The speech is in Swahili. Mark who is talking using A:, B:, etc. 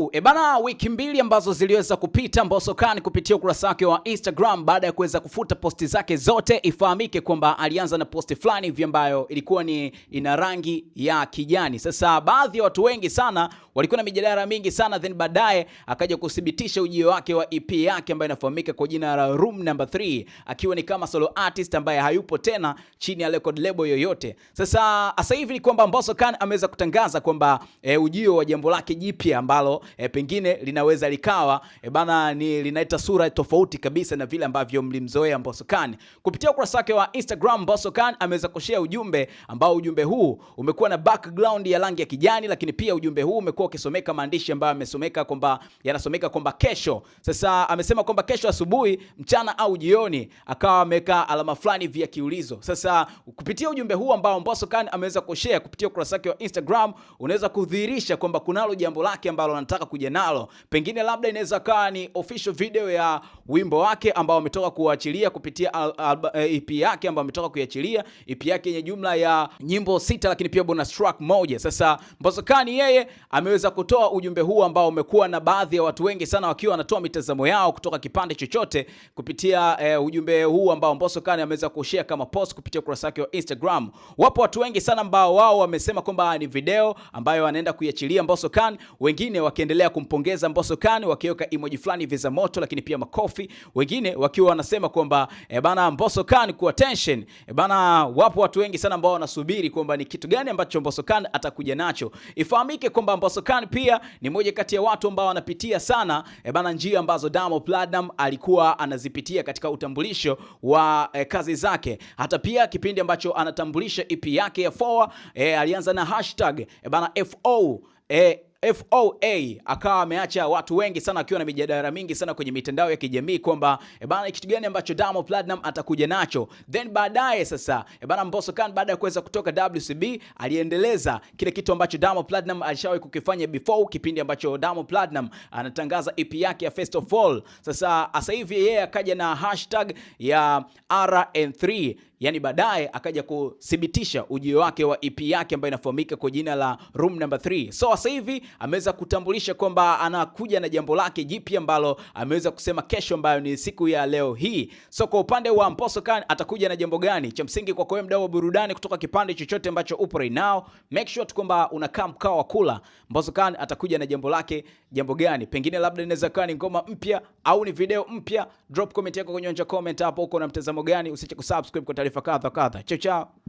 A: tu e eh, bana, wiki mbili ambazo ziliweza kupita Mbosso Khan kupitia ukurasa wake wa Instagram baada ya kuweza kufuta posti zake zote. Ifahamike kwamba alianza na posti fulani hivi ambayo ilikuwa ni ina rangi ya kijani. Sasa baadhi ya watu wengi sana walikuwa na mijadala mingi sana, then baadaye akaja kuthibitisha ujio wake wa EP yake ambayo inafahamika kwa jina la Room Number 3 akiwa ni kama solo artist ambaye hayupo tena chini ya record label yoyote. Sasa sasa hivi ni kwamba Mbosso Khan ameweza kutangaza kwamba e, ujio wa jambo lake jipya ambalo e, pengine linaweza likawa e, bana ni linaita sura tofauti kabisa na vile ambavyo mlimzoea Mbosso Khan. Kupitia ukurasa wake wa Instagram, Mbosso Khan ameweza kushare ujumbe ambao ujumbe huu umekuwa na background ya rangi ya kijani, lakini pia ujumbe huu umekuwa ukisomeka maandishi ambayo yamesomeka kwamba yanasomeka kwamba kesho. Sasa amesema kwamba kesho asubuhi, mchana au jioni, akawa ameweka alama fulani vya kiulizo. Sasa kupitia ujumbe huu ambao Mbosso Khan ameweza kushare kupitia ukurasa wake wa Instagram, unaweza kudhihirisha kwamba kunalo jambo lake ambalo anataka anataka kuja nalo. Pengine labda inaweza kaa ni official video ya wimbo wake ambao ametoka kuachilia kupitia al, al, EP eh, e yake ambayo ametoka kuiachilia EP yake yenye jumla ya nyimbo sita, lakini pia bonus track moja. Sasa Mbosso Kani yeye ameweza kutoa ujumbe huu ambao umekuwa na baadhi ya watu wengi sana wakiwa wanatoa mitazamo yao kutoka kipande chochote kupitia eh, ujumbe huu ambao Mbosso Kani ameweza kushare kama post kupitia ukurasa wake wa Instagram. Wapo watu wengi sana ambao wao wamesema kwamba ni video ambayo anaenda kuiachilia Mbosso Kani, wengine waki wakiendelea kumpongeza Mbosso Khan wakiweka emoji fulani hivi za moto, lakini pia makofi, wengine wakiwa wanasema kwamba e bana Mbosso Khan kwa tension e eh, bana. Wapo watu wengi sana ambao wanasubiri kwamba ni kitu gani ambacho Mbosso Khan atakuja nacho. Ifahamike kwamba Mbosso Khan pia ni moja kati ya watu ambao wanapitia sana e bana njia ambazo Diamond Platnumz alikuwa anazipitia katika utambulisho wa e, kazi zake, hata pia kipindi ambacho anatambulisha EP yake ya 4 e, alianza na hashtag e bana FO e, FOA akawa ameacha watu wengi sana akiwa na mijadala mingi sana kwenye mitandao ya kijamii kwamba e bana, kitu gani ambacho Diamond Platinum atakuja nacho. Then baadaye sasa e bana, Mbosso Khan baada ya kuweza kutoka WCB aliendeleza kile kitu ambacho Diamond Platinum alishawahi kukifanya before, kipindi ambacho Diamond Platinum anatangaza EP yake ya First of All. Sasa asa hivi yeye akaja na hashtag ya RN3 yani baadaye akaja kuthibitisha ujio wake wa EP yake ambayo inafahamika kwa jina la Room Number 3. So sasa hivi ameweza kutambulisha kwamba anakuja na jambo lake jipya ambalo ameweza kusema kesho, ambayo ni siku ya leo hii. So kwa upande wa Mposo Kane atakuja na jambo gani? Cha msingi kwa kwa mdau wa burudani, kutoka kipande chochote ambacho upo right now, make sure tu kwamba unakaa mkao wa kula. Mposo Kane atakuja na jambo lake, jambo gani? Pengine labda inaweza kuwa ni ngoma mpya au ni video mpya. Drop comment yako kwenye comment hapo, uko na mtazamo gani? Usiache kusubscribe kwa taarifa kadha kadha. Chao chao.